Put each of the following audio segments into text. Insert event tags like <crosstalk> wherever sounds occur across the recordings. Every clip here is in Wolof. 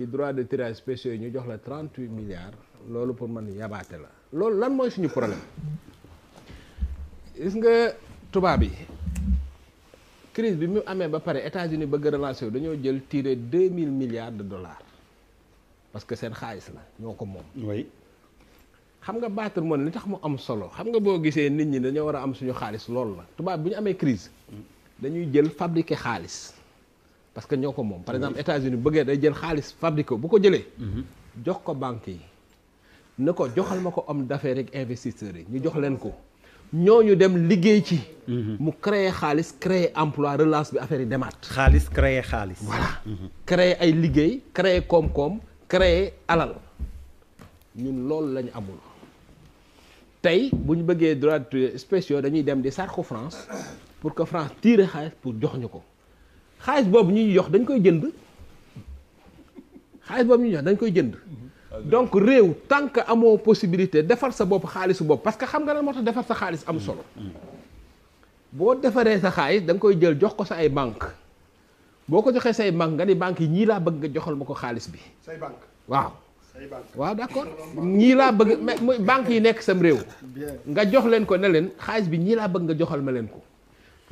ci droit de tirage spéciaux yi ñu jox la trent huit milliards loolu pour man yabaate la loolu lan mooy suñu problème gis nga tubaab yi crise bi mu amee ba pare États-Unis bëgg relancer wu dañoo jël tiré deux mille milliards de dollars parce que seen xaalis la ñoo ko moom. oui xam nga battre monnaie li tax mu am solo xam nga boo gisee nit ñi dañoo war a am suñu xaalis loolu la tubaab bi ñu amee crise dañuy jël fabriquer xaalis. parce que nous sommes. par exemple États-Unis day mhm. banque des d'affaires et investisseurs yi ñu jox des mhm. créer des emplois, emploi relance bi affaire des créer des voilà mhm. créer des créer des créer alal Nous sommes amul si nous des droits spéciaux France pour que France tire pour jox xaalis boobu ñu jox dañ koy jënd xaalis boobu ñu jox dañ koy jënd donc réew tant que amoo possibilité defar sa bopp xaalisu bopp parce que xam nga lan moo tax defar sa xaalis am solo boo defaree sa xaalis da koy jël jox ko sa ay banque boo ko joxee say banque nga ni banque yi ñii laa bëgg nga joxal ma ko xaalis bi say banque waaw waaw d'accord ñii laa bëgg mais banque yi nekk sam réew nga jox leen ko ne leen xaalis bi ñii laa bëgg nga joxal ma leen ko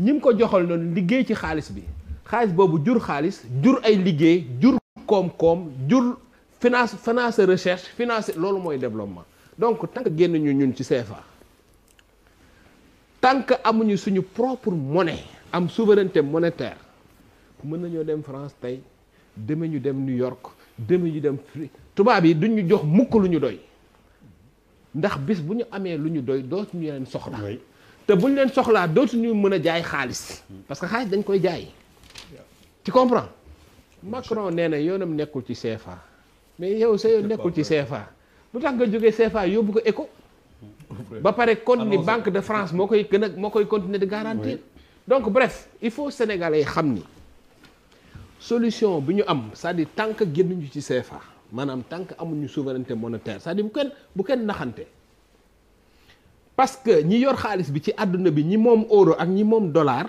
ñi ko joxal noonu liggéey ci xaalis bi xaalis boobu jur xaalis jur ay liggéey jur koom-koom jur finance finance recherche finance loolu mooy développement donc tant génn ñu ñun ci CFA tant que amuñu suñu propre monnaie am souveraineté monétaire mën nañoo dem France tey demee ñu dem New York demee ñu dem fii tubaab yi duñ jox mukk lu ñu doy ndax bis bu ñu amee lu ñu doy dootuñu leen soxla te bu ñu leen soxlaa dootuñu mën a jaay xaalis parce que xaalis dañ koy jaay. tu comprends Macron nee na yoonam ci CFA mais yow sa yoon nekkul ci CFA lu tax nga CFA yóbbu ko ECO ba pare kon Banque de France moo koy gën a moo koy continuer de garantir donc bref il faut sénégalais xam solution bi ñu am c'est-à-dire tant que génnuñu ci CFA maanaam tant que amuñu souveraineté monétaire c'est-à-dire bu kenn bu kenn naxante parce que ñi yor xaalis bi ci àdduna bi ñi moom euro ak ñi moom dollar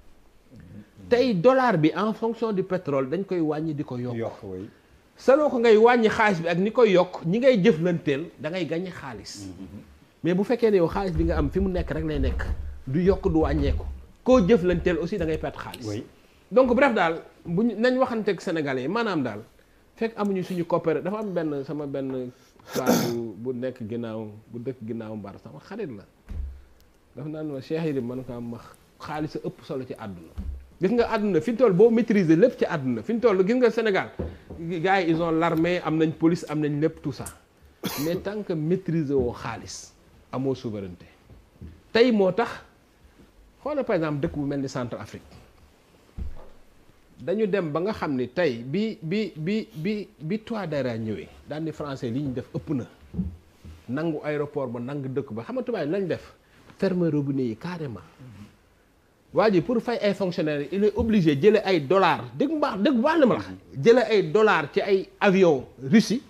tay dollar bi en fonction du pétrole dañ koy wañi diko yok yok yokk selon ko ngay wañi xaalis bi ak ni koy yokk ñi ngay jëflanteel da ngay gagné xaalis mm-hmm, mm-hmm. mais bu fekkee ne yow xaalis bi nga am fi mu nekk rek lay nek du yok du ko koo jëflanteel aussi da ngay perte xaalis donc bref daal buñ nañ ak sénégalais manam dal fek amuñu suñu coopéré dafa am ben sama ben bu bu nek ginaaw bu dekk ginaaw mbar sama xarit la dafa nan ma Cheikh yi man ko am ma ëpp solo ci aduna gis nga aduna fi ñu toll boo maîtriser lepp ci aduna fi ñu toll gis nga Sénégal gars yi ils ont l'armée am nañ police am nañ lépp tout ça mais tant que maîtriser wo xaalis amo souveraineté tay motax tax par exemple dëkk bu melni centre Afrique dañu dem ba nga xamni tay bi bi bi bi bi bi dara ñëwé dal ni français li ñu def ëpp na nangu aéroport ba nang dëkk ba xamatu bay lañ def fermer robinet yi carrément pour faire un fonctionnaire, il est obligé de ay dollars dégg baax dégg a un ma dollars ci avion Russie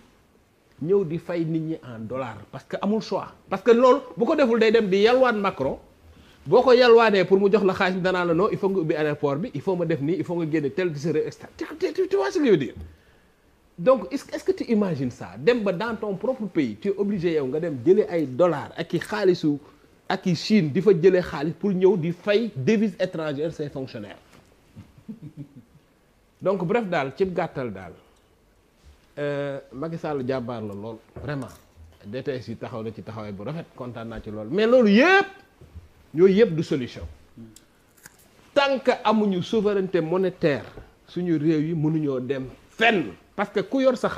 nous di fay en dollars parce que amul choix parce que dem Macron boo ko pour mu la non il faut que ubbi bi il faut ma il faut tel tu vois ce que je veux dire donc est-ce que tu imagines ça dans ton propre pays tu es obligé de nga dem dollars ak un ak i Chine di fa jëlee pour ñëw di fay devise étrangère ces fonctionnaires <laughs> donc bref daal ci gàttal daal euh, Macky Sall jàmbaar la lool vraiment DTS yi taxaw na ci taxawaay bu rafet kontaan ci lool mais loolu yëpp yooyu yëpp du solution tant que amuñu souveraineté monétaire suñu réew yi mënuñoo dem fenn parce que ku yor sa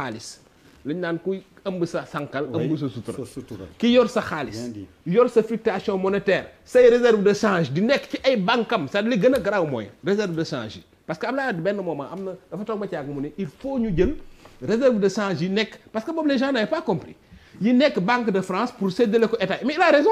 lañ nan kuy ëmb sa sankal ëmb sa sutura ki yor sa xaalis yor sa fluctuation monétaire say réserve de change di nekk ci ay bankam sa li gëna graw moy réserve de change parce que am naa moment amna dafa ak mu ne il faut ñu jël réserve de change yi nekk parce que les gens n'avaient pas compris yi nekk Banque de France pour séddale ko état mais il a raison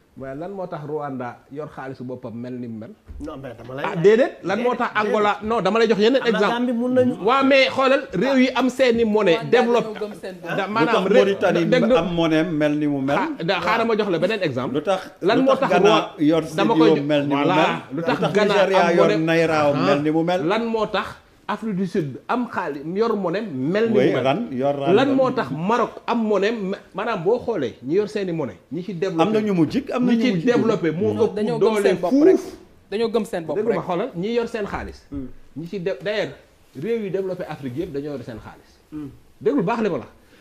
waaye lan moo tax Rwanda yor xaalisu boppam mel ni mu mel. non mais dama ah, lan moo tax Angola non dama lay jox yeneen exemple waa mais xoolal réew yi am seeni monnaie développé da maanaam réew Mauritanie dégg am monnaie mel ni mu mel. Ah, da xaaral ma jox la beneen exemple. lu tax lan moo tax Ghana yor dama koy mel ni mu mel. lu tax Ghana am monnaie yor naira ah, mel ni mu mel. lan moo tax. Afrique du Sud am xaalis yoru monnaie mel ni lan yor lan moo tax Maroc am monnaie maanaam boo xoolee ñi yor seeni monnaie ñi ci développé am na ñu mu jik am na ñu mu ci développé moo ëpp doole fuuf dañoo gëm seen bopp rek dégg ma ñi yor seen xaalis hmm. ñi ci d d'ailleurs réew yu développé Afrique yëpp dañoo yor seen xaalis hmm. déggul baax li ma la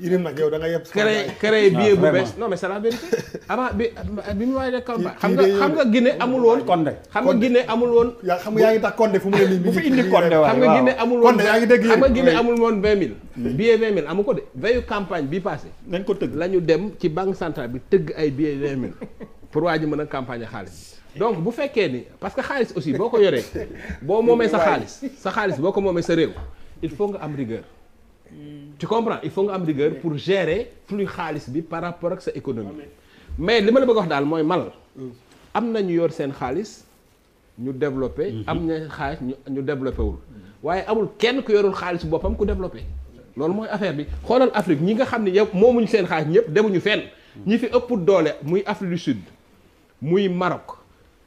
Yérim nag yow da nga yeb. créé créé ah, billet bu bees non mais c'est la vérité. avant bi bi mu waajee combat xam nga xam nga Guinée amul woon. Condé xam nga Guinée amul woon. yaa xam nga yaa ngi tax Condé fu mu ne bu fi indi Condé waaye xam nga Guinée amul woon. Condé yaa ngi dégg xam nga Guinée amul woon vingt mille. Mm. billet amu ko de veyu campagne bi passé nañ ko tëgg la ñu dem ci banque centrale bi tëgg ay billet vingt mille pour waa ji mën a campagne xaalis. donc bu fekkee ni parce que xaalis aussi boo ko yoree boo moomee sa xaalis sa xaalis boo ko moomee sa réew il faut nga am rigueur mm. tu comprends il faut nga rigueur pour gérer flux khalis bi par rapport à sa économie mais li ma la bëgg wax daal mooy mal mm. Amna ñu yor sen khalis ñu développer. am khalis xaalis ñu développer mhm. wul waye amul kenn ku yorul khalis bopam ku développer lool moy affaire bi xoolal Afrique ñi nga xamni ne yow moomuñu seen xaalis demuñu fenn ñi fi ëpp doole muy Afrique du Sud muy Maroc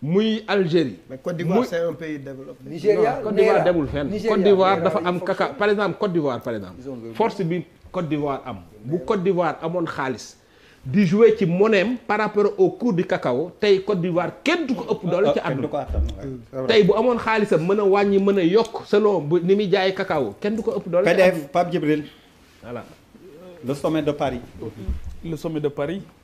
muy Algérie. mais Côte d'Ivoire c'est un pays développé. Nigeria. Côte d'Ivoire demul fenn. Côte d'Ivoire dafa am caca. par exemple Côte d'Ivoire par exemple. force bi Côte d'Ivoire am. bu Côte d'Ivoire amoon chalice, di jouer ci monem par rapport au cours du cacao tay Côte d'Ivoire kenn du ko ëpp ah, doole ci ah, àdduna tay bu amone xaalisam meuna a meuna yok selon ni mi jaay cacao kenn duko ko ëpp doole. PDF Pape Djibril voilà. le sommet de Paris. le sommet de Paris.